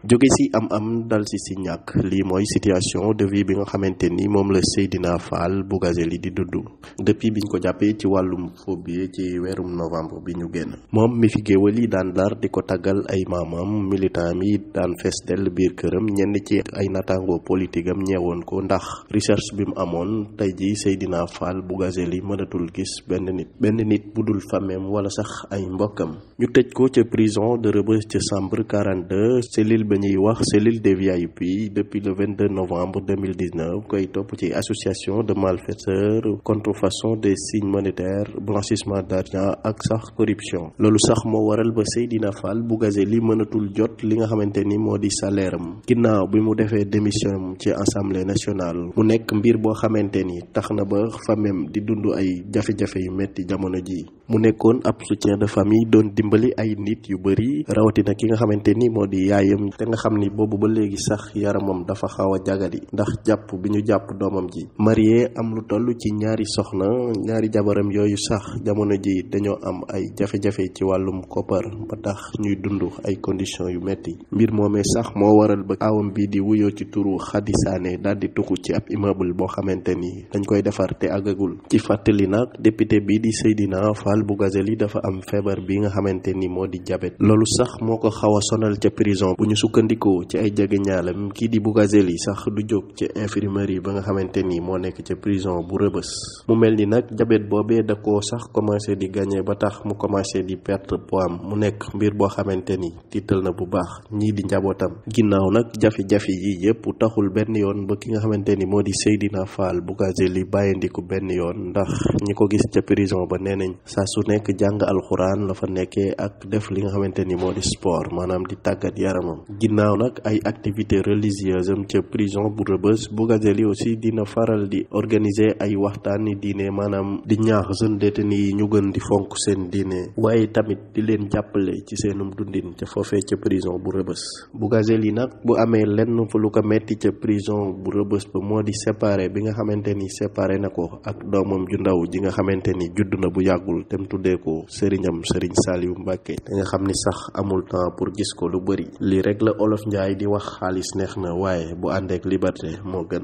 jóge si am am dal si ñàkk lii mooy situation devil bi nga xamante ni moom la faal Fall Bougazelli di dudd bi biñ ko jàppee ci wàllum phobie ci weerum novembre bi ñu génn moom mi fi géwal yi daan dar di ko taggal ay maamam militant mi daan fees dell biir këram ñenn ci ay natango politique am ñeewoon ko ndax recherche bi mu amoon tey ji Seydina Fall Bougazelli mënatul gis benn nit benn nit bu dul fameem wala sax ay mbokkam ñu tëj ko ca prison d Rebeuss ca chambre ñuy wax cellule des VIP depuis le 22 novembre 2019 koy topp ci association de malfaiteurs contrefaçon des signes monétaires blanchissement d'argent ak sax corruption loolu sax moo waral ba Seydina Fall Bougazelli mënatul jot li nga xamante ni moo di salaire am ginnaaw bi mu defee démission ci assemblée nationale mu nekk mbir boo xamante ni tax na ba famem di dund ay jafe-jafe yu metti jamono ji mu nekkoon ab soutien de famille doon dimbali ay nit yu bëri rawatina ki nga xamante ni te nga xam ni boobu ba léegi sax yaramam dafa xaw a jagadi ndax jàpp bi ñu jàpp doomam ji marié am lu toll ci ñaari soxna ñaari jabaram yooyu sax jamono ji dañoo am ay jafe-jafe ci wàllum koppar ba tax ñuy dund ay conditions yu metti mbir moomee sax moo waral ba aawam bii di wuyoo ci turu Khady Sané daal di tuxu ci ab immeuble boo xamante ni dañ koy defar te àggagul ci fàttali nag député bii di Seydina Fall Bougazelli dafa am feebar bi nga xamante ni moo di jabet loolu sax moo ko xaw sonal ca sukkandikoo ci ay jege ñaalam kii di Bougazelli sax du jóg ci infirmerie ba nga xamante ni moo nekk ca prison bu rëbës mu mel ni nag jabet boobee da koo sax commencé di gagné ba tax mu commencé di perte poids am mu nekk mbir boo xamante ni tiital na bu baax ñii di njabootam ginnaaw nag jafe-jafe yi yépp taxul benn yoon ba ki nga xamante ni moo di Seydina Fall Bougazelli bàyyindiku benn yoon ndax ñi ko gis ca prison ba nee nañ saa su nekk jàng alxuraan la fa nekkee ak def li nga xamante ni moo di sport maanaam di tàggat yaramam ginnaaw nag ay activités religieuses am ca prison bu rëbës Bougazelli aussi dina faral di organiser ay waxtaani diine maanaam di ñaax jeune détenu yi ñu gën di fonk seen diine waaye tamit di leen jàppale ci seenum dundin ca foofee ca prison bu rëbës Bougazelli nag bu amee lenn fu lu ko metti ca prison bu rëbës ba moo di séparé bi nga xamante ni séparé na ko ak doomam ju ndaw ji nga xamante ni judd na bu yàggul tem tuddee ko sëriñam sëriñ Saliou Mbacke te nga xam ni sax amul temps pour gis ko lu bëri la olof njaay di wax xaalis neex na waaye bu àndeek liberté moo gën